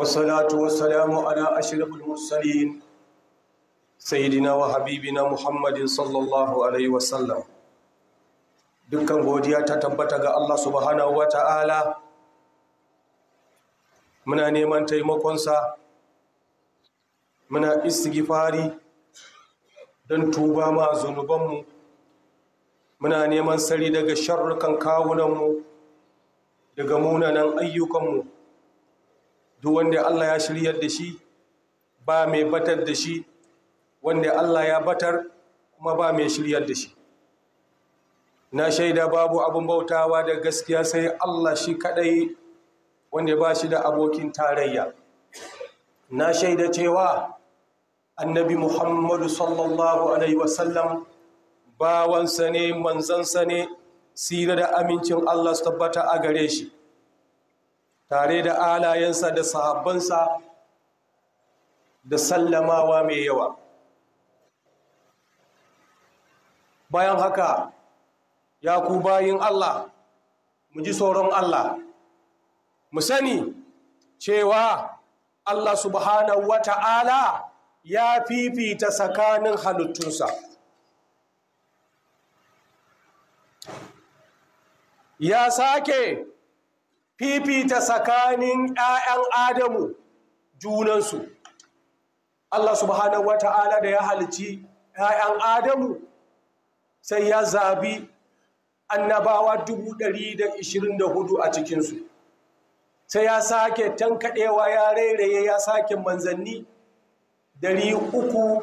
والصلاة والسلام على أشرف المرسلين سيدنا وحبيبنا محمد صلى الله عليه وسلم dukkan godiya ta tabbata ga Allah subhanahu wa ta'ala muna neman taimakonsa muna istighfari don tuba ma zunubanmu muna neman sari daga sharrukan kawunanmu daga munanan ayyukanmu duk wanda Allah ya shiryar da shi ba mai batar da shi wanda Allah ya batar kuma ba mai shiryar da shi na shaida babu abin bautawa da gaskiya sai Allah shi kadai wanda ba shi da abokin tarayya na shaida cewa annabi muhammadu sallallahu alaihi wasallam bawansa ne manzansa ne sira da amincin Allah su tabbata a gare shi tare da alayensa da sahabbansa da sallamawa mai yawa bayan haka ya ku bayin Allah mu ji tsoron Allah mu sani cewa Allah subhanahu wa ta'ala ya fifita tsakanin halittunsa ya sake fifita tsakanin ‘ya'yan Adamu junansu. Allah subhanahu wa ta'ala da ya halci ‘ya'yan Adamu sai ya zabi annabawa dubu hudu a cikinsu. Sai ya sake tankaɗewa ya rairaye ya sake manzanni uku.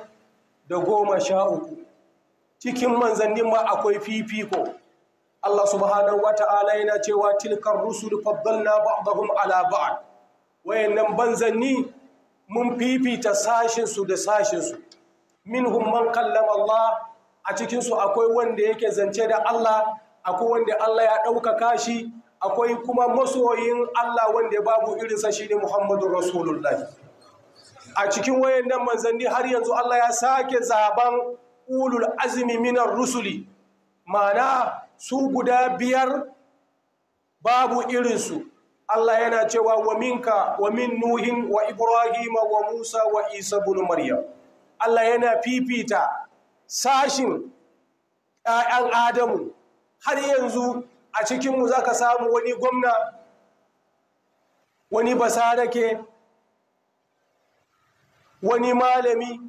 cikin manzannin ma akwai fifiko. Allah subhanahu wata'ala yana cewa tilkar rusul faddalna ba'dahum ala ba'd wayannan banzanni mun fifita sashin da sashin Min humman man kallama Allah a cikinsu akwai wanda yake zance da Allah akwai wanda Allah ya ɗaukaka shi akwai kuma masoyin Allah wanda babu irinsa shine Muhammadu Rasulullahi a cikin wayannan manzanni har yanzu Allah ya sake zaben ulul azmi minar rusuli mana. su guda biyar babu irinsu Allah yana cewa wa minka wa min nuhin wa ibrahima wa musa wa isa bin maryam Allah yana fifita sashin ‘ya'yan Adamu har yanzu a cikinmu za ka samu wani gwamna wani basarake wani malami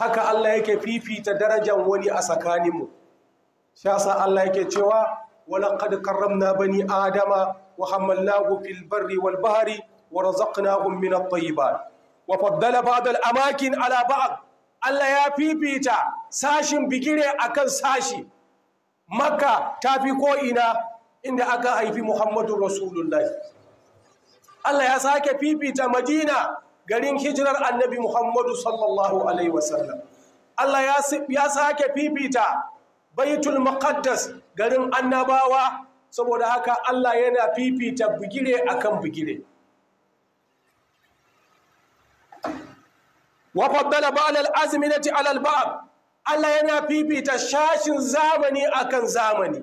haka Allah yake fifita darajan wani a tsakaninmu shi Allah yake cewa walaqad karramna bani adama wa hamalnahu fil barri wal bahri wa razaqnahum min at-tayyibat wa faddala ba'd al-amakin ala ba'd Allah ya fifita sashin bigire akan sashi makka ta fi ko'ina inda aka haifi muhammadu rasulullahi allah ya sake fifita madina garin hijirar annabi muhammadu sallallahu alaihi wasallam allah ya sake fifita baitul maqaddas garin annabawa saboda haka Allah yana fifita bugire akan bugire wa faddala ba'al al-azminati ala al-ba'd Allah yana fifita shashin zamani akan zamani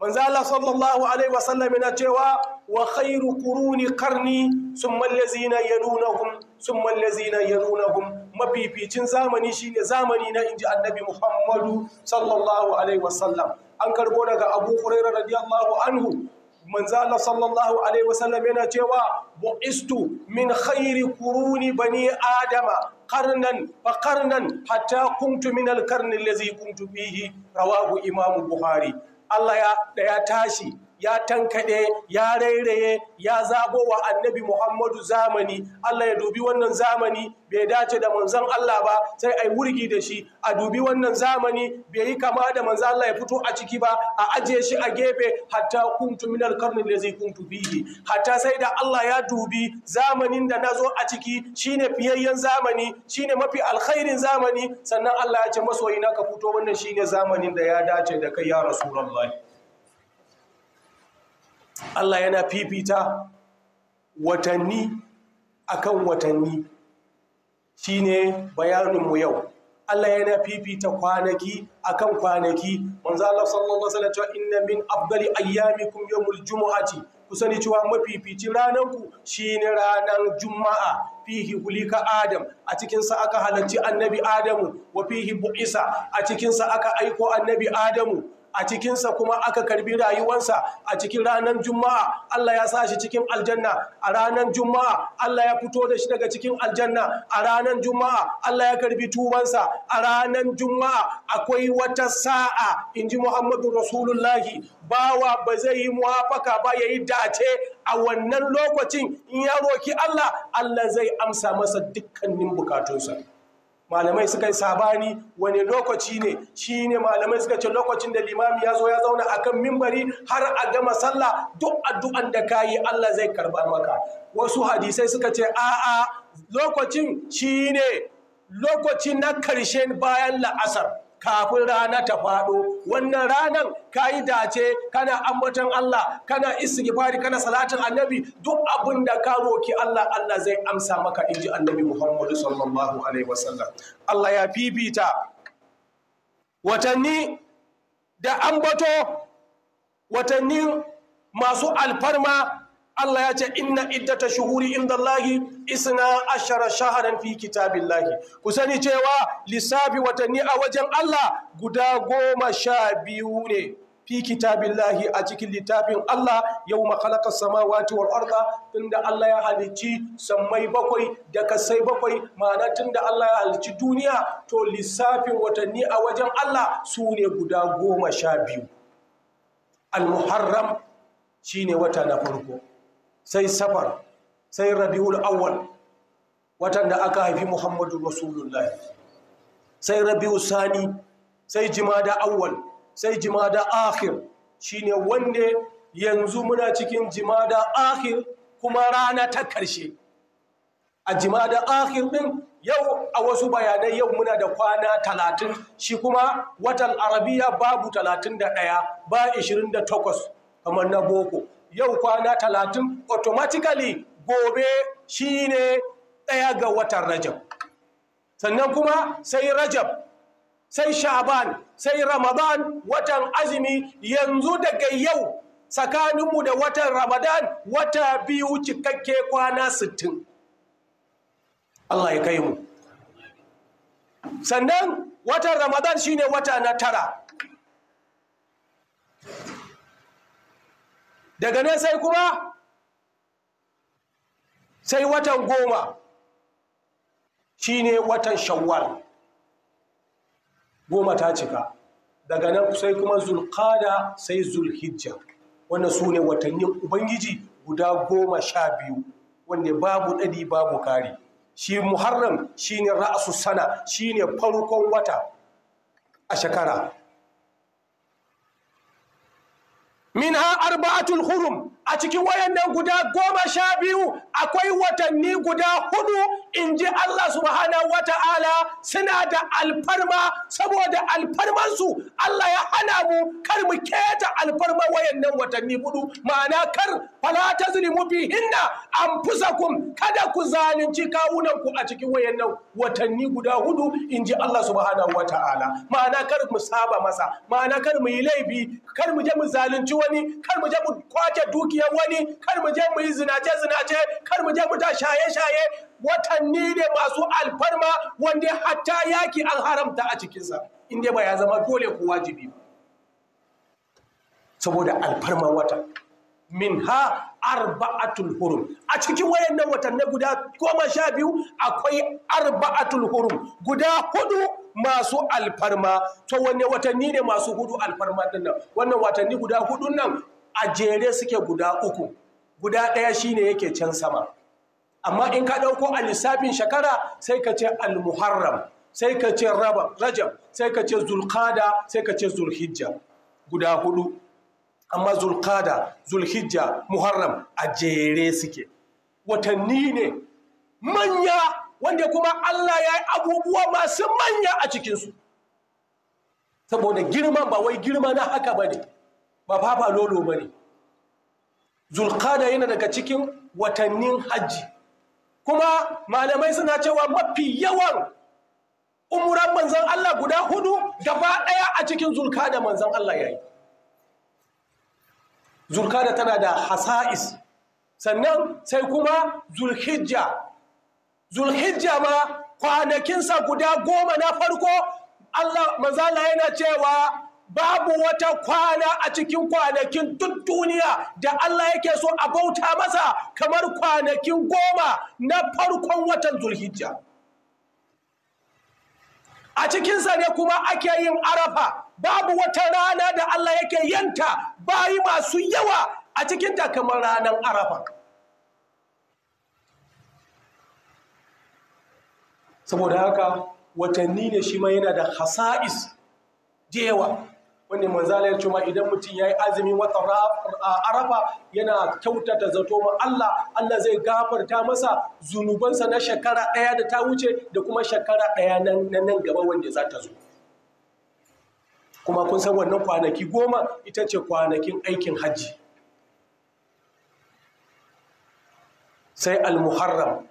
manzo Allah sallallahu alaihi wasallam yana cewa wa khairu quruni qarni summa allazina yalunahum summa allazina yalunahum mafificin zamani shine zamani na inji annabi Muhammadu sallallahu alaihi wasallam an karbo daga Abu Hurairah radiyallahu anhu manzo Allah sallallahu alaihi wasallam yana cewa bu'istu min khairi quruni bani adama qarnan fa qarnan hatta kuntu min al-qarni allazi kuntu bihi rawahu imam bukhari Allah ya tashi ya tankade, ya rairaye ya zabo wa annabi muhammadu zamani allah ya dubi wannan zamani bai dace da manzon allah ba sai a yi wurgi da shi a dubi wannan zamani bai yi kama da manzan allah ya fito a ciki ba a ajiye shi a gefe hatta kuntu min alqarni allazi kuntu bihi hatta sai da allah ya dubi zamanin da nazo a ciki shine fiyayyen zamani shine mafi alkhairin zamani sannan allah ya ce masoyina ka fito wannan shine zamanin da ya dace da kai ya rasulullahi Allah yana fifita watanni akan watanni shine bayaninmu yau Allah yana fifita kwanaki akan kwanaki manzo Allah sallallahu alaihi wasallam inna min afdali ayyamikum yawmul jumu'ati ku sani cewa mafifici ranar ku shine ranar juma'a fihi hulika adam a cikinsa aka halarci annabi adamu wa fihi bu'isa a cikinsa aka aiko annabi adamu a cikinsa kuma aka karbi rayuwansa a cikin ranar juma'a Allah ya sa shi cikin aljanna a ranar juma'a Allah ya fito da shi daga cikin aljanna a ranar juma'a Allah ya karbi tubansa a ranar juma'a akwai wata sa'a in ji Muhammadu Rasulullahi bawa ba zai yi muwafaka ba ya yi dace a wannan lokacin in ya roki Allah Allah zai amsa masa dukkanin bukatunsa malamai suka yi sabani wani lokaci ne shi ne malamai suka ce lokacin da limami ya zo ya zauna akan mimbari har a gama sallah duk addu'an da ka yi Allah zai karba maka wasu hadisai suka ce a'a lokacin shi ne lokaci na karshe bayan la'asar kafin rana ta faɗo wannan ranan ka yi dace kana ambaton Allah kana istighfari kana salatin annabi duk abin da ka roki Allah Allah zai amsa maka inji annabi Muhammadu sallallahu alaihi wasallam Allah ya fifita watanni da ambato watanni masu alfarma Allah ya ce inna iddata shuhuri inda Allahi isna ashara shaharan fi kitabillahi ku sani cewa lissafi watanni a wajen Allah guda goma sha biyu ne fi kitabillahi a cikin littafin Allah yau makalakar sama wal arda tunda Allah ya halicci sammai bakwai da kasai bakwai ma'ana tunda Allah ya halicci duniya to lissafin watanni a wajen Allah su ne guda goma sha biyu al-muharram shine wata na farko sai safar sai rabiul awwal watan da aka haifi muhammadu rasulullah sai rabiu sani sai jimada awwal sai jimada akhir shine wanda yanzu muna cikin jimada akhir kuma rana ta karshe a jimada akhir din yau a wasu bayanai yau muna da kwana talatin shi kuma watan arabiya babu talatin da ɗaya ba ishirin da takwas kamar na boko yau kwana talatin automatically gobe shine ɗaya ga watan rajab sannan kuma sai rajab sai sha'ban sai ramadan watan azumi yanzu daga yau tsakaninmu da watan ramadan wata biyu cikakke kwana sittin Allah ya kai mu sannan watan ramadan shine wata na tara daga ne sai kuma sai watan goma shine watan shawwal goma ta cika daga nan sai kuma zulkada sai zulhijja wannan su ne watannin ubangiji guda goma sha biyu wanda babu ɗadi babu kari shi muharram shine ra'asu sana shine farkon wata a shekara منها أربعة الخرم a cikin wayannan guda goma sha biyu akwai watanni guda hudu in ji Allah subhanahu wa ta'ala suna da alfarma saboda alfarmansu Allah ya hana mu kar mu keta alfarma wayannan watanni hudu ma'ana kar fala ta an bihinna anfusakum kada ku zalunci kawunanku a cikin wayannan watanni guda hudu in ji Allah subhanahu wa ta'ala ma'ana kar mu saba masa ma'ana kar mu yi laifi kar mu je mu zalunci wani kar mu je mu kwace duki dukiyar wani kar mu je mu yi zinace zinace kar mu je mu ta shaye shaye watanni ne masu alfarma wanda hatta yaki an haramta a cikinsa in dai ba ya zama dole ko wajibi ba saboda alfarma wata min ha arba'atul hurum a cikin wayannan watanni guda goma sha biyu akwai arba'atul hurum guda hudu masu alfarma to wanne watanni ne masu hudu alfarma dinnan wannan watanni guda hudun nan a jere suke guda uku guda ɗaya shine yake can sama amma in ka ɗauko a lissafin shekara sai ka ce al-muharram sai ka ce rajab sai ka ce zulqada sai ka ce zulhijja guda hudu amma zulkada zulhijja muharram a jere suke watanni ne manya wanda kuma Allah ya yi abubuwa masu manya a cikinsu saboda girma ba wai girma na haka ba ne ba fafa lolo ba ne zulkada yana daga cikin watannin hajji kuma malamai suna cewa mafi yawan umuran manzan Allah guda hudu gaba ɗaya a cikin zulka da manzan Allah ya yi zulkada tana da hasa'is sannan sai kuma zulhijja zulhijja ma kwanakinsa guda goma na farko Allah mazala yana cewa babu wata kwana a cikin kwanakin duk duniya da Allah yake so a bauta masa kamar kwanakin goma na farkon watan zulhijja a cikinsa ne kuma ake yin arafa babu wata rana da Allah yake yanta bayi masu yawa a cikinta kamar ranar arafa saboda haka watanni ne shi ma yana da hasa'is da yawa wanda manzala ya cuma idan mutum ya yi azumin watan arafa yana kyautata zato ma Allah Allah zai gafarta masa zunubansa na shekara ɗaya da ta wuce da kuma shekara ɗaya na nan gaba wanda za ta zo kuma kun san wannan kwanaki goma ita ce kwanakin aikin hajji sai al-muharram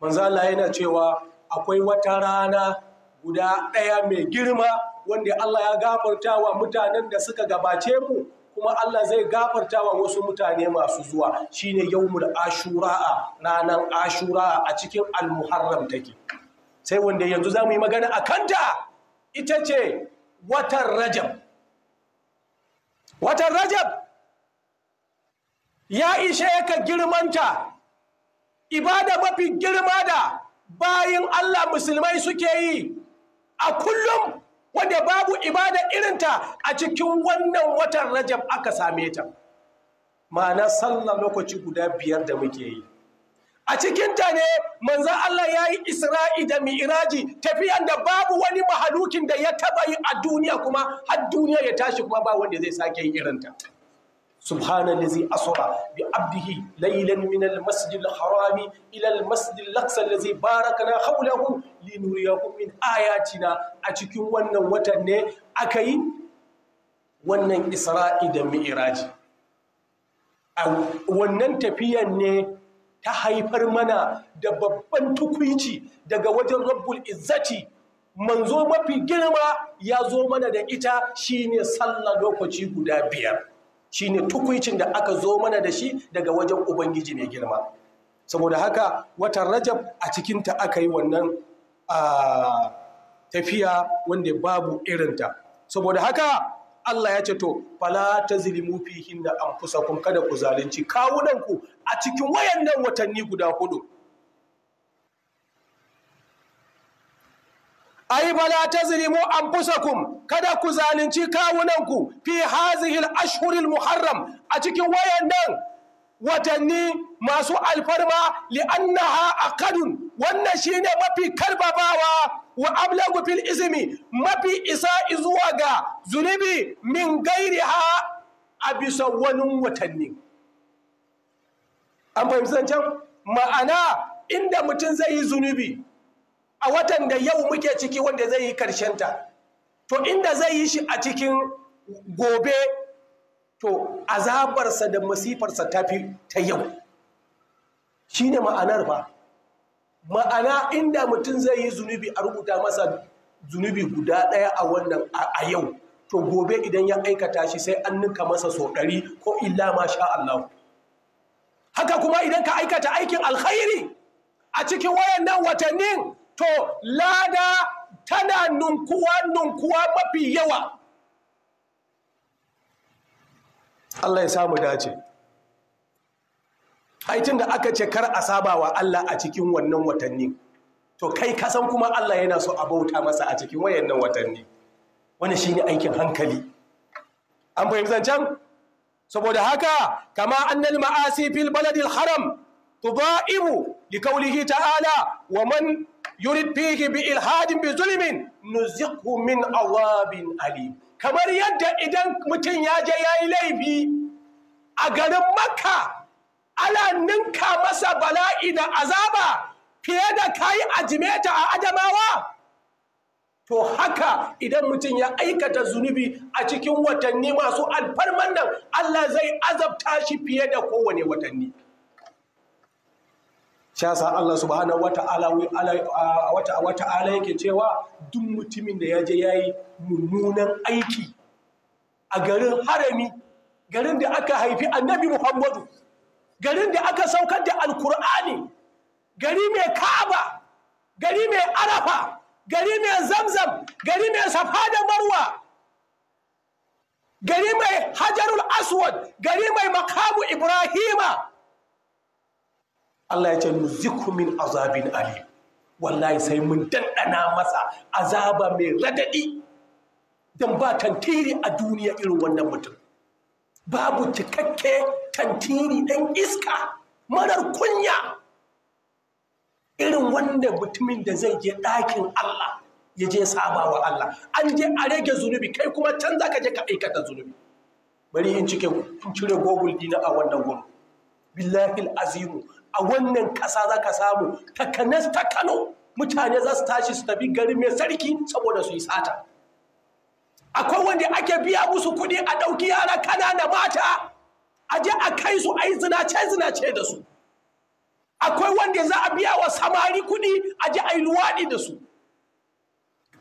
manzala yana cewa akwai wata rana guda ɗaya mai girma wanda Allah ya gafarta wa mutanen da suka gabace mu kuma Allah zai gafarta wa wasu mutane masu zuwa shine yawmul ashura'a ranar ashura a cikin almuharram take sai wanda yanzu za mu yi magana a kanta ita ce watan rajab watan rajab ya ishe ka girmanta ibada mafi girma da bayin Allah musulmai suke yi a kullum wadda babu ibada irinta a cikin wannan watan rajab aka same ta ma'ana sallah lokaci guda biyar da muke yi a cikinta ne manzan Allah ya yi isra'i da mi'iraji tafiyan da babu wani mahalukin da ya taba yi a duniya kuma har duniya ya tashi kuma ba wanda zai sake yin irinta سبحان الذي أصرى بعبده ليلا من المسجد الحرام إلى المسجد الأقصى الذي باركنا حوله لنريكم من آياتنا أتكون ونن وتن أكي ونن إسراء مئراج ونن تفيا ta haifar mana da babban tukuici daga wajen rabbul izzati manzo mafi girma ya zo mana da ita shine sallah lokaci Shi ne tukwicin da aka zo mana da shi daga wajen ubangiji mai girma saboda haka watan rajab a cikinta aka yi wannan tafiya wanda babu irinta saboda haka Allah ya ce to fala an kusa kun kada ku zalunci kawunanku a cikin wayannan watanni guda hudu Ayi bala tazlimu anfusakum kada ku zalunci kawunanku fi hazihi al-ashhuril muharram a cikin wayannan watanni masu alfarma li'annaha aqadun wannan shine mafi karbabawa wa ablagu fil izmi mafi isa zuwa ga zunubi min gairiha a bisa wani watanni an fahimci zancen ma'ana inda mutum zai yi zunubi a watan da yau muke ciki wanda zai yi karshen ta, to inda zai yi shi a cikin gobe to azabarsa da masifarsa ta fi ta yau shi ne ma'anar ba ma'ana inda mutum zai yi zunubi a rubuta masa zunubi guda ɗaya a wannan a yau to gobe idan ya aikata shi sai an nuka masa so ɗari ko illa ma sha Allah haka kuma idan ka aikata aikin alkhairi a cikin wayannan watannin to lada tana nunkuwa nunkuwa mafi yawa Allah ya samu dace haitin da aka ce kar a saba wa Allah a cikin wannan watanni to kai kasan kuma Allah yana so a bauta masa a cikin wayannan watanni wani shine aikin hankali an fahimci zancen saboda haka kama annal ma'asi fil baladil haram tudha'ibu li ta'ala wa man yurid fihi bi ilhadin bi zulmin nuziqhu min awabin alim kamar yadda idan mutum ya je yayi laifi a garin makka ala ninka masa bala'i da azaba fiye da kayi ajimeta a adamawa to haka idan mutum ya aikata zunubi a cikin watanni masu alfarman nan Allah zai azabta shi fiye da kowane watanni Shasa Allah subhanahu ta’ala wata ala yake cewa duk mutumin da ya je yayi mummunan aiki a garin harami garin da aka haifi annabi Muhammadu garin da aka saukar da alkur'ani gari mai kaaba gari mai arafa gari mai zamzam gari mai safa da marwa gari mai hajarul aswad gari mai makamu ibrahima Allah ya ce nuziku min azabin ali wallahi sai mun dandana masa azaba mai radadi dan ba tantiri a duniya irin wannan mutum babu cikakke tantiri dan iska marar kunya irin wanda mutumin da zai je ɗakin Allah ya je saba Allah an je a rage zunubi kai kuma can za ka je ka aikata zunubi bari in cike in cire gogul dina a wannan gurin billahi azimu a wannan ƙasa za ka samu takanas ta kano mutane za su tashi su tafi gari mai sarki saboda su yi sata akwai wanda ake biya musu kuɗi a ɗauki yara kanana mata a je a kai su a yi zinace-zinace da su akwai wanda za a biya wa samari kuɗi a je a yi luwaɗi da su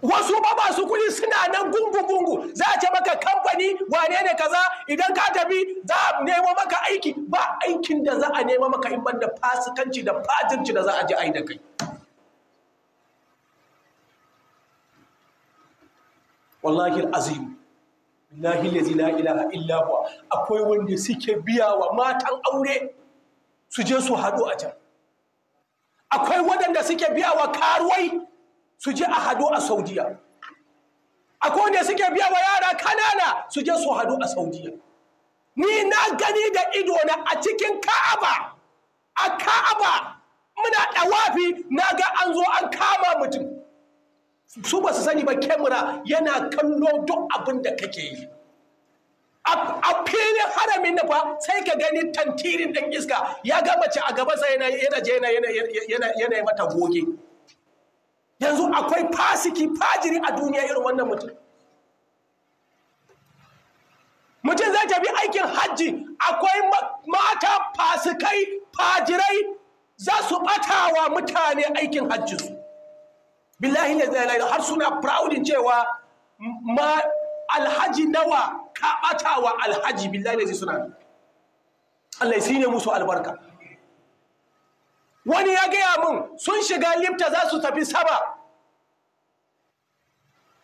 wasu ba ba su kuɗi suna nan gungu-gungu za a ce maka kamfani wane ne kaza idan ka tafi za a nemo maka aiki ba aikin da za a nemo maka in banda fasikanci da fatirci da za a ji ai da kai wallahi azim lahi lazi la ilaha illa huwa akwai wanda suke biya wa matan aure su je su haɗu a can akwai waɗanda suke biya wa karuwai su je a hado a saudiya A kone suke biya wa yara kanana su je su hado a saudiya ni na gani da ido na a cikin ka'aba a ka'aba muna ɗawafi na ga an zo an kama mutum su ba su sani ba kemura yana kallo duk abin da kake yi a filin haramin da sai ka gani tantirin ɗan iska ya ga mace a gaba yana yana yana yana yana mata goge yanzu akwai fasiki fajiri a duniya irin wannan mutum mutum zai tafi aikin hajji akwai mata fasikai fajirai za su batawa mutane aikin hajji su billahi ne zai har suna proudin cewa ma alhaji nawa ka batawa alhaji billahi ne zai suna Allah ya sine musu albarka wani ya gaya mun sun shiga limta za su tafi saba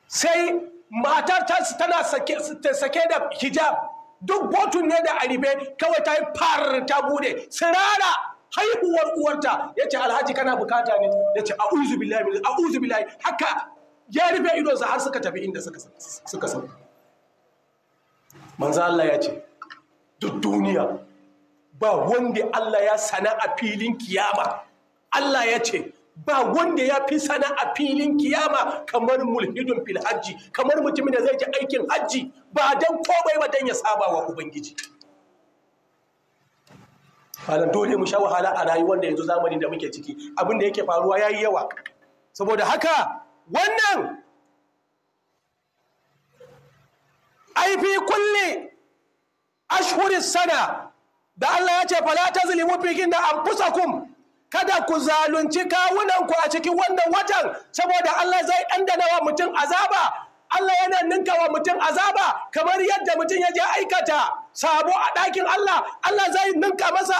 sai matar ta tana sake da hijab duk botun ne da aribe kawai ta yi far ta bude sirara haihuwar uwarta ya ce alhaji kana bukata ne ya ce a'uzu billahi haka ya rufe idonsa har suka tafi inda suka sauka manzo Allah ya ce duk duniya ba wanda Allah ya sana a filin kiyama Allah ya ce ba wanda ya fi sana a filin kiyama kamar mulhidun fil hajji kamar mutumin da zai ji aikin hajji ba dan komai ba dan ya saba wa ubangiji Falan dole mu sha wahala a rayuwar da yanzu zamani da muke ciki abin da yake faruwa ya yi yawa saboda haka wannan aifi fi kulli ashhuris sana da Allah ya ce fala tazlimu an kusa anfusakum kada ku zalunci kawunanku a cikin wannan watan saboda Allah zai ɗandana wa mutum azaba Allah yana ninka wa mutum azaba kamar yadda mutum ya je aikata sabo a ɗakin Allah Allah zai ninka masa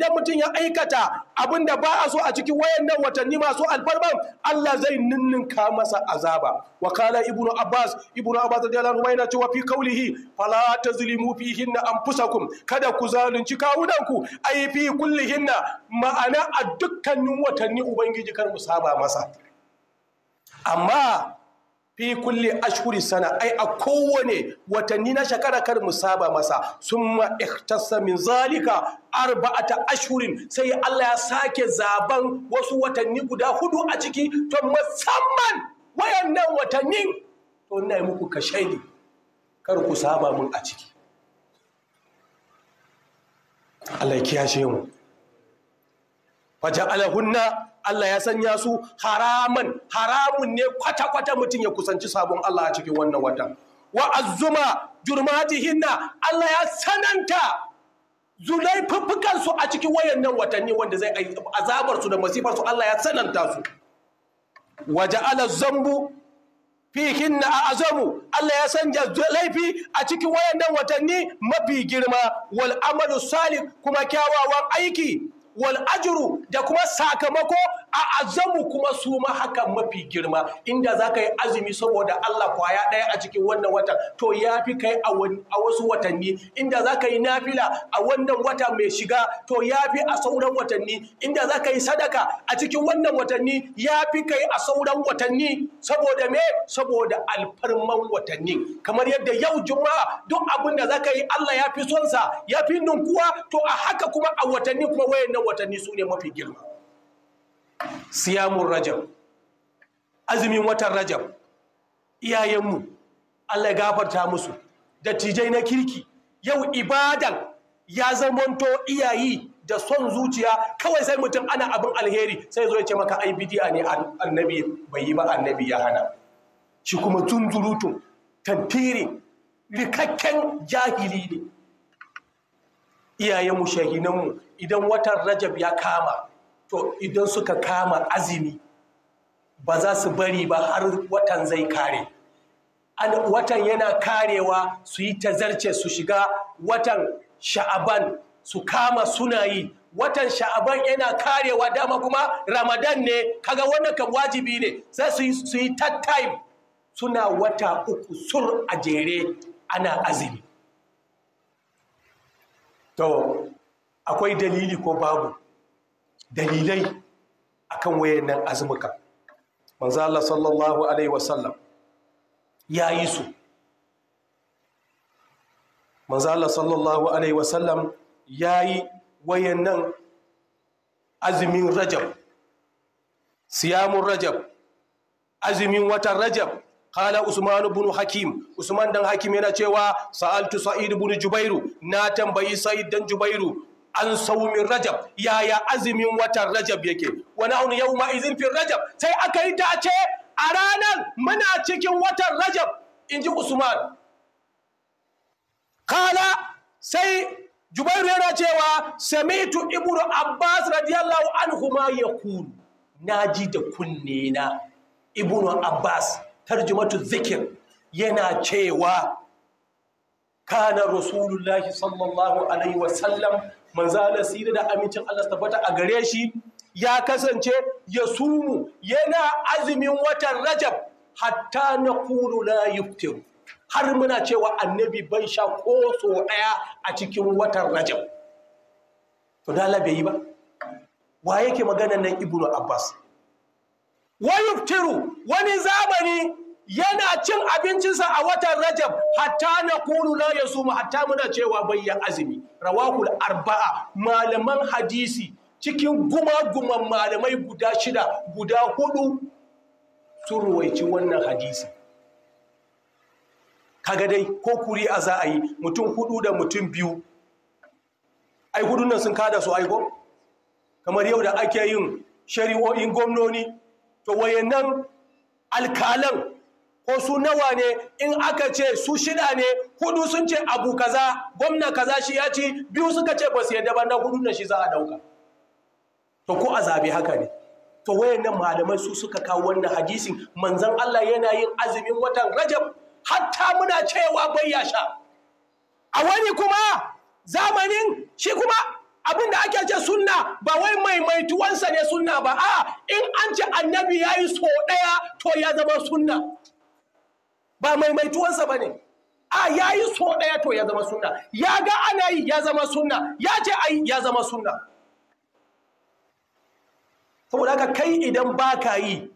idan mutum ya aikata abin da ba a so a cikin wayannan watanni masu alfarman Allah zai ninninka masa azaba wa kala ibnu abbas ibnu abbas radiyallahu anhu yana cewa fi qawlihi fala tazlimu fihin anfusakum kada ku zalunci kawunanku ai fi kullihin ma'ana a dukkanin watanni ubangiji kar mu saba masa amma fi kulli ashuri sana ai a kowane watanni na shekara kar mu saba masa sun ikhtassa min zalika arba'ata ashurin sai Allah ya sake zaban wasu watanni guda hudu a ciki to musamman wayannan watanni to ina yi muku kashedi kar ku saba mun a ciki Allah ya kiyashe mu faja'alahunna Allah ya sanya su haraman haramun ne kwata-kwata mutum ya kusanci sabon Allah a cikin wannan watan wa azzuma jurmatihinna Allah ya sananta zulai fuffukansu a cikin wayannan watanni wanda zai azabar su da masifar su Allah ya sananta su ja'ala zambu fihinna a'zamu Allah ya sanja laifi a cikin wayannan watanni mafi girma wal amalu salih kuma kyawawan aiki wal ajru da kuma sakamako a azamu kuma su ma hakan mafi girma inda za ka yi azumi saboda Allah kwaya ɗaya a cikin wannan watan to ya fi kai a wasu watanni inda za ka yi nafila a wannan wata mai shiga to ya fi a sauran watanni inda za ka yi sadaka a cikin wannan watanni ya fi kai a sauran watanni saboda me saboda alfarman watanni kamar yadda yau juma'a duk abin da za ka yi Allah ya fi sonsa ya fi ninkuwa to a haka kuma a watanni kuma wayannan watanni su ne mafi girma siyamun rajab azumin watan rajab iyayenmu allah gafarta musu dattijai na kirki yau ibadan ya zamanto iyayi da son zuciya kawai sai mutum ana abin alheri sai zo ya ce maka ai bidi'a ne annabi bai yi ba annabi ya hana shi kuma zunzurutun tantiri rikakken jahili ne iyayenmu shahinanmu idan watan rajab ya kama to idan suka kama azumi ba za su bari ba har watan zai kare watan yana karewa su yi tazarce su shiga watan sha'aban su kama suna yi watan sha'aban yana karewa dama kuma ramadan ne kaga wannan kan wajibi ne sai su yi time suna wata uku sur a jere ana azumi to akwai dalili ko babu dalilai akan wayannan azumuka manzo Allah sallallahu alaihi wasallam ya yi su manzo Allah sallallahu alaihi wasallam ya yi wayannan azumin rajab siyamun rajab azumin watan rajab Kala Usman ibn Hakim, Usman dan Hakim yana cewa sa'altu Sa'id ibn Jubairu, na tambayi Sa'id dan Jubairu an saumin rajab yaya azumin watan rajab yake wani aunu yau ma izin fin rajab sai aka yi dace a ranar muna cikin watan rajab in ji usman kala sai jubairu yana cewa samitu ibnu abbas radiyallahu anhu ma ya kulu na ji da kunne na ibnu abbas tarjumatu zikir yana cewa kana rasulullahi sallallahu alaihi wasallam manzo Allah sirri da amincin Allah tabbata a gare shi ya kasance ya sumu yana azumin watan Rajab hatta naqulu la yuftiru har muna cewa annabi bai sha ko so daya a cikin watan Rajab to da Allah bai ba wa yake magana nan Ibnu Abbas wa yuftiru wani zamani yana cin abincinsa a watan rajab hatta na kulu la ya suma hatta muna cewa bayyan azumi rawakul arba'a malaman hadisi cikin guma guma malamai guda shida guda hudu sun ruwaici wannan hadisi kaga dai ko kuri a za a yi mutum hudu da mutum biyu ai hudun nan sun kada su aiko kamar yau da ake yin shari'o'in gwamnoni to wayannan alkalan ko su nawa ne in aka ce su shida ne hudu sun ce abu kaza gwamna kaza shi ya ci biyu suka ce ba su yadda ba na hudu na shi za a dauka to ko a zabe haka ne to wayannan malamai su suka kawo wannan hadisin manzon Allah yana yin azumin watan Rajab hatta muna cewa bai ya sha a wani kuma zamanin shi kuma abin da ake ce sunna ba wai maimaituwansa ne sunna ba a in an ce annabi ya yi so ɗaya to ya zama sunna ba maimaituwansa ba ne a ya yi so ɗaya to ya zama suna. ya ga ana yi ya zama suna. ya ce ai ya zama sunna saboda ka kai idan ba ka yi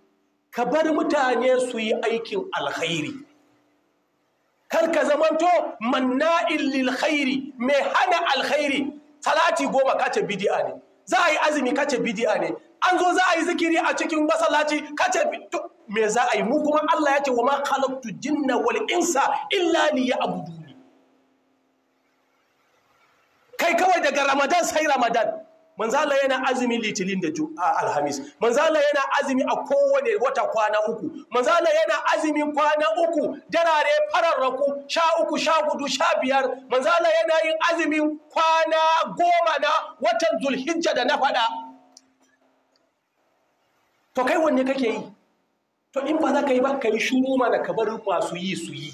ka bar mutane su yi aikin alkhairi kar ka zamanto manna illil khairi mai hana alkhairi salati goma kace bidi'a ne za a yi azumi kace bidi'a ne an zo za a yi zikiri a cikin masallaci kace me za a yi mu kuma Allah ya ce wa ma khalaqtu jinna wal insa illa liya'buduni kai kawai daga Ramadan sai Ramadan manzala yana azumi litilin da alhamis manzala yana azumi a kowane wata kwana uku manzala yana azumi kwana uku darare fararraku sha uku sha hudu sha biyar manzala yana yin azumin kwana goma na watan zulhijja da na faɗa to kai wanne kake yi to in ba za ka yi ba ka yi shuru mana ka bar masu yi su yi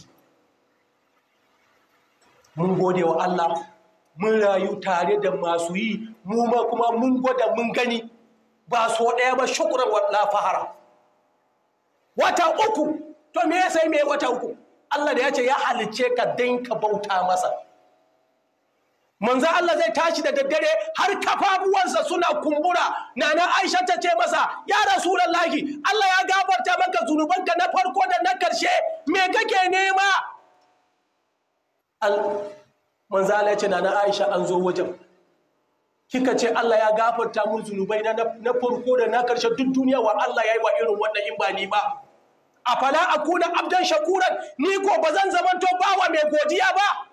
mun gode wa Allah mun rayu tare da masu yi mu ma kuma mun gwada mun gani ba so ɗaya ba shukurar la fahara wata uku to me ya sai me wata uku Allah da ya ce ya halicce ka dan bauta masa manzo Allah zai tashi da daddare har kafafuwansa suna kumbura nana Aisha ta ce masa ya rasulullahi Allah ya gafarta maka zunubanka na farko da na karshe me kake nema manzo Allah ya ce nana Aisha an zo wajen kika ce Allah ya gafarta mun zunubai na na farko da na karshe duk duniya wa Allah yayi wa irin wannan in ba ni ba afala akuna abdan shakuran ni ko bazan zamanto bawa mai godiya ba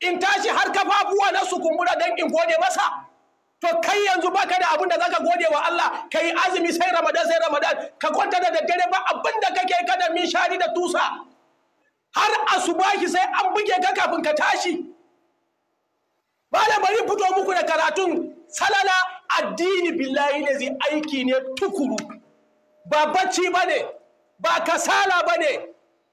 in tashi har kafafuwa na su kumbura don in gode masa to kai yanzu baka da abin da zaka gode wa Allah kai azumi sai Ramadan sai Ramadan ka kwanta da daddare ba abin da kake kada min shari da tusa har asubahi sai an buge ka kafin ka tashi da bari fito muku da karatun salala addini billahi ne zai aiki ne tukuru ba bacci ba ne, ba kasala ba ne.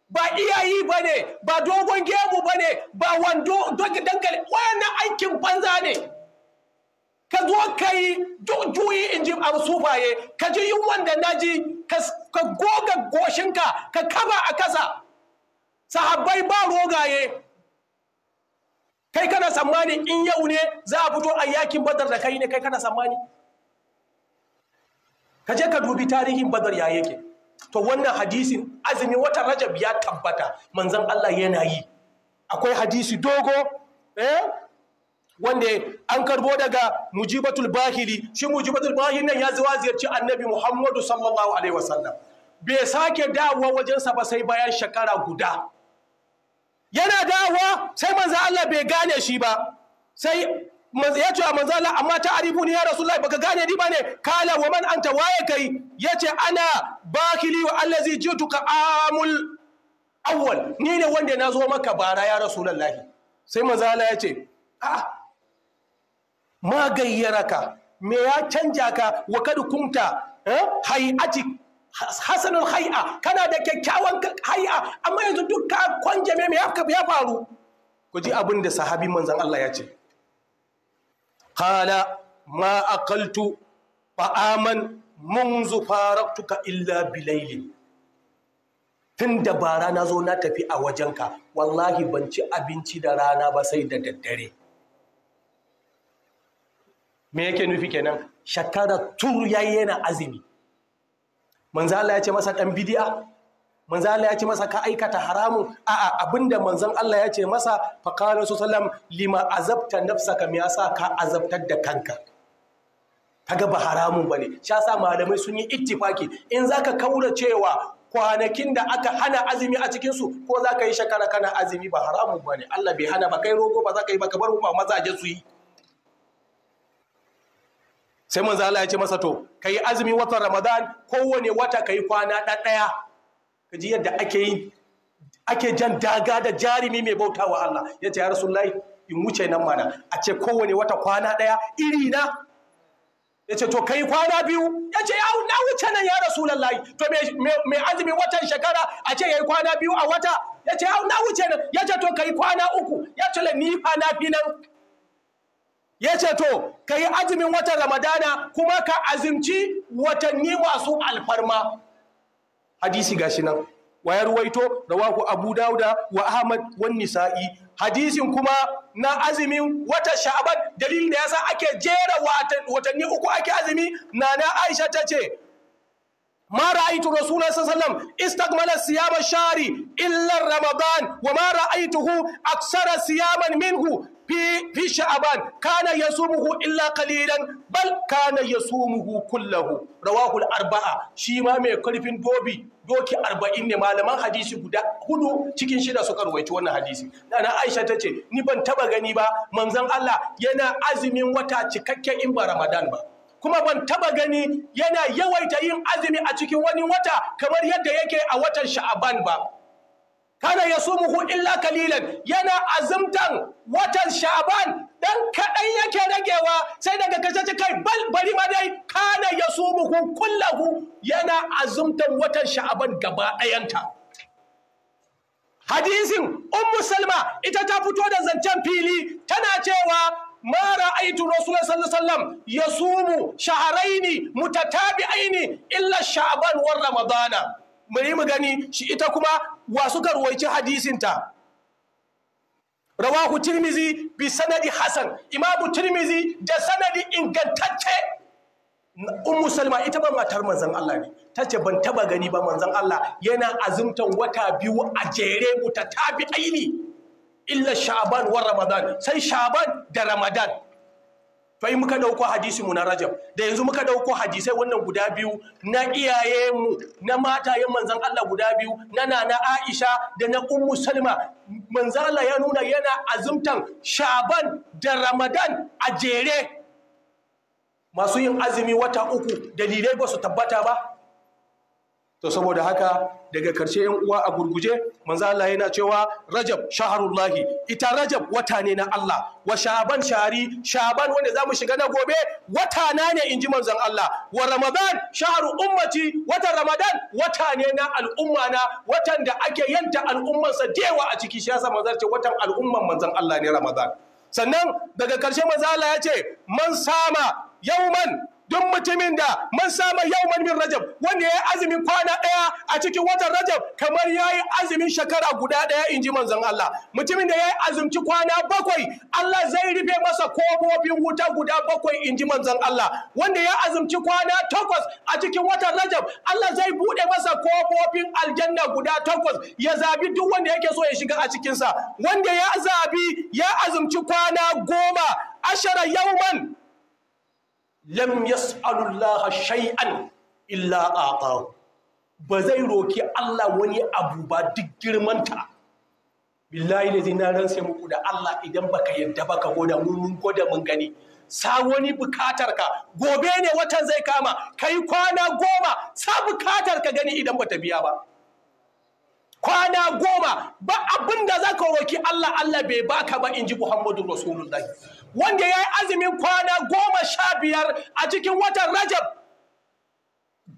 ba iyayi ba ne ba dogon gemu ba ne ba wando doki dankali wannan aikin banza ne ka zo ka yi juyi in ji abu sufaye ka ji yunwan wanda na ji ka goga goshinka ka kaba a kasa sahabbai ba rogaye kai kana tsammani in yau ne za a fito a yakin badar da kai ne kai kana tsammani ka je ka dubi tarihin badar ya yake to wannan hadisin azumi watan rajab ya tabbata manzan Allah yana yi akwai hadisi dogo eh wanda an karbo daga mujibatul bahili shi mujibatul bahili nan ya zuwa ziyarci annabi muhammadu sallallahu alaihi wasallam bai sake dawowa wajensa ba sai bayan shekara guda yana dawowa sai manzan Allah bai gane shi ba sai ya ce manzo manzala amma ta ni ya rasulullahi baka gane ni ba ne? kala wa man anta waye kai yace ana bakili wa allazi jituka amul awwal ni ne wanda na zo maka bara ya rasulullahi sai Manzala ya ce a ah, ma gayyaraka me ya canja ka wa kad kunta eh, hayati hasanul hay'a kana da kyakkyawan haia? amma yanzu duk ka kwanje me ya faru ku ji abin da sahabi manzon Allah ya ce قال ما أقلت طعاما منذ فارقتك illa بليل tun da ba rana zo na tafi a wajenka wallahi ban ci abinci da rana ba sai da daddare me yake nufi kenan shakara tur yayi yana azumi manzo Allah ya ce masa dan bid'a manzo Allah ya ce masa ka aikata haramun a'a abinda manzon Allah ya ce masa fa qala sallam lima azabta nafsaka me yasa ka azabtar da kanka kaga ba haramun bane shi yasa malamai sun yi ittifaki in zaka kaura cewa kwanakin da aka hana azumi a cikin su ko zaka yi shakara kana azumi ba haramun bane Allah bai hana ba kai rogo ba zaka yi ba ka bar ba mazaje su yi sai manzo Allah ya ce masa to kai azumi watan Ramadan kowane wata kai kwana ɗaya kaji yadda ake yi ake jan daga da jarumi mai bauta wa Allah ya ce ya rasulullahi in wuce nan mana a ce kowane wata kwana ɗaya iri na ya ce to kai kwana biyu ya ce na wuce nan ya rasulullahi to mai azumin watan shekara a ce ya yi kwana biyu a wata ya ce na wuce nan ya ce to kai kwana uku ya ce ni kwana na fi nan ya ce to ka yi azumin watan ramadana kuma ka azumci watanni masu alfarma hadisi gashi nan waya ruwaito rawahu abu dauda wa ahmad wan nisa'i hadisin kuma na azumin wata sha'ban dalilin da yasa ake jera watanni uku ake azumi nana aisha ta ce ما رأيت رسول الله صلى الله عليه وسلم استكمل صيام الشهر إلا رمضان وما رأيته أكثر صياما منه fi sha'aban kana sumuhu illa kalilan, bal kana sumuhu kullahu rawahul arba'a shi ma mai karfin dobi doki arba'in ne malaman hadisi guda hudu cikin shida suka rubuci wannan hadisi dana aisha ta ce ni ban taba gani ba manzon Allah yana azumin wata cikakke in ba ramadan ba kuma ban taba gani yana yawaita yin azumi a cikin wani wata kamar yadda yake a watan sha'aban ba kana yasumuhu illa kalilan yana azumtan watan sha'ban dan kadan yake ragewa sai daga kace kai bal bari ma dai kana yasumuhu kullahu yana azumtan watan sha'ban gaba dayanta hadisin ummu salma ita ta fito da zancen fili tana cewa ma ra'aitu rasulullah sallallahu alaihi wasallam yasumu shahraini mutatabi'aini illa sha'ban wa ramadana mu yi mu gani shi ita kuma wa suka ruwaici hadisinta rawahu tirmizi bi sanadi hasan imamu tirmizi da sanadi ingantacce ummu salma ita ba matar manzon Allah ne tace ban taba gani ba manzon Allah yana azumtan wata biyu a jere mu tabi aini illa sha'ban wa ramadan sai sha'ban da ramadan fa in muka dauko hadisi mu na rajab da yanzu muka dauko hadisai wannan guda biyu na iyaye mu na matayen manzon Allah guda biyu na nana Aisha da na ummu Salma manzon Allah ya nuna yana azumtan Sha'ban da Ramadan a jere masu yin azumi wata uku dalilai ba su tabbata ba to saboda haka daga karshe yan uwa a gurguje manzo Allah yana cewa Rajab shaharullahi ita Rajab wata ne na Allah wa Shaban shari Shaban wanda zamu shiga na gobe wata na ne inji manzon Allah wa Ramadan shaharu ummati watan Ramadan wata ne na al'umma na watan da ake yanta al'umman sa dewa a ciki shi yasa manzar ce watan al'umman manzon Allah ne Ramadan sannan daga karshe manzo Allah ya ce man sama yauman duk mutumin da man sama yau min rajab wanda ya yi azumin kwana ɗaya a cikin watan rajab kamar ya yi azumin shekara guda ɗaya in ji manzon Allah mutumin da ya yi azumci kwana bakwai Allah zai rufe masa kofofin wuta guda bakwai in ji manzon Allah wanda ya azumci kwana takwas a cikin watan rajab Allah zai buɗe masa kofofin aljanna guda takwas ya zabi duk wanda yake so ya shiga a cikinsa wanda ya zabi ya azumci kwana goma ashara yau man. lam yas'alullaha shay'an illa aqahu ba zai roki Allah wani abu ba duk girmanta billahi ne na ransa muku da Allah idan baka yadda baka goda mun mun goda mun gani sa wani bukatar ka gobe ne watan zai kama kai kwana goma sa bukatar ka gani idan bata biya ba kwana goma ba abinda zaka roki Allah Allah bai baka ba inji Muhammadu Rasulullahi wanda ya yi azumin kwana goma sha biyar a cikin watan rajab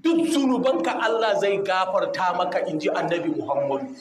duk zunubanka Allah zai gafarta maka in ji annabi Muhammadu.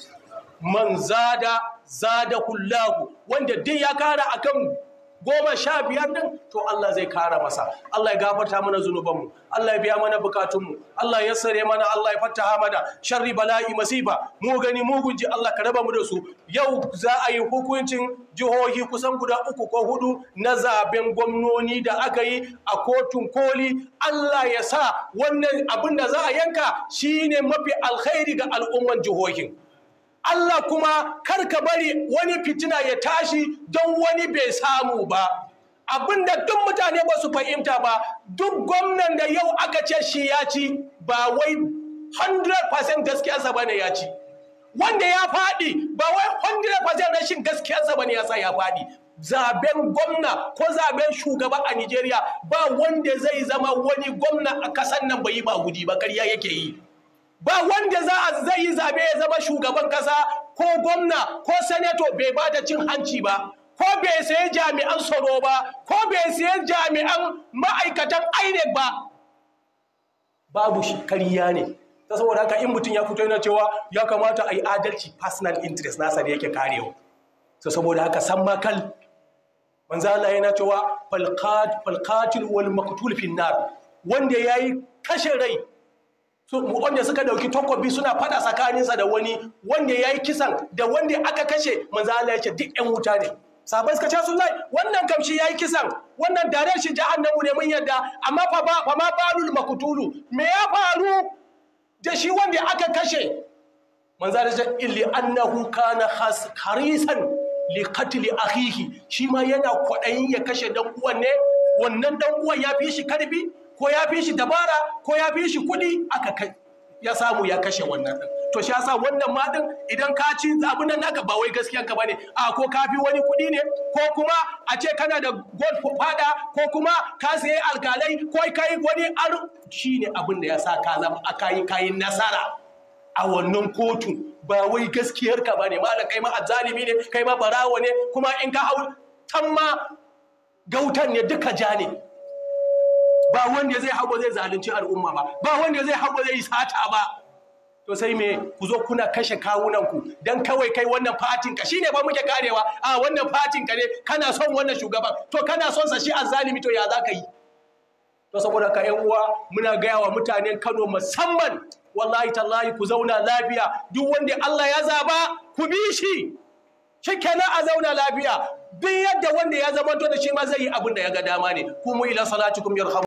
Man zada zada kullahu wanda dai ya kara akan goma sha biyar din to Allah zai kara masa Allah ya gafarta mana zunubanmu Allah ya biya mana bukatunmu Allah ya sare mana Allah ya fattaha mana sharri bala'i masifa mu gani mu Allah ka raba mu da su yau za a yi hukuncin jihohi kusan guda uku ko hudu na zaben gwamnoni da aka yi a kotun koli Allah ya sa wannan abin da za a yanka shine mafi alkhairi ga al'umman jihohin Allah kuma kar ka bari wani fitina ya tashi don wani bai samu ba abin da duk mutane ba su fahimta ba duk gwamnan da yau aka ce shi ya ci ba wai 100% gaskiyarsa ba ne ya ci wanda ya faɗi ba wai 100% rashin gaskiyarsa ba ne ya sa ya faɗi zaben gwamna ko zaben shugaba a Nijeriya, ba wanda zai zama wani gwamna a kasan nan bai yi ba gudi ba karya yake yi ba wanda za a zai yi zaɓe ya zama shugaban ƙasa ko gwamna ko sanato bai ba cin hanci ba ko bai sayi jami'an tsaro ba ko bai sayi jami'an ma'aikatan INEC ba babu shi kariya ne ta saboda haka in mutum ya fito yana cewa ya kamata a yi adalci personal interest nasa ne yake karewa so saboda haka san makal manzo Allah yana cewa falqat falqatul wal maqtul fi nar wanda yayi kashe rai wanda suka dauki takobi suna fada tsakaninsa da wani wanda ya yi kisan da wanda aka kashe manzo Allah ya ce duk yan wuta ne sabai suka ce sunai wannan kamshi ya yi kisan wannan dare shi jahannamu ne mun yadda amma fa ba ma balul makutulu me ya faru da shi wanda aka kashe manzo Allah ya ce illi annahu kana kharisan li qatli akhihi shi ma yana kwadayin ya kashe dan uwan ne wannan dan uwan ya fi shi karfi ko ya fi shi dabara ko ya fi shi kuɗi aka kai ya samu ya kashe wannan ɗin to shi yasa wannan ma ɗin idan ka ci abin nan naka ba wai gaskiyan ka bane a ko ka fi wani kuɗi ne ko kuma a ce kana da gold fada ko kuma ka sayi alkalai ko kai wani aru shine abin da ya ka zama yi kayin nasara a wannan kotun ba wai gaskiyar ka bane malam kai ma azzalimi ne kai ma barawo ne kuma in ka hau tamma gautan ne duka ja ne ba wanda zai hago zai zalunci al'umma ba ba wanda zai hago zai sata ba to sai me ku zo kuna kashe kawunanku don kawai kai wannan fatin ka ne ba muke karewa a wannan fatin ka ne kana son wannan shugaban to kana son sa shi azzalimi to ya za ka yi to saboda ka yan uwa muna gaya wa mutanen Kano musamman wallahi tallahi ku zauna lafiya duk wanda Allah ya zaba ku bi shi shikenan a zauna lafiya duk yadda wanda ya zama to da shi ma zai yi abin da ya ga dama ne kuma ila salatukum yarhamu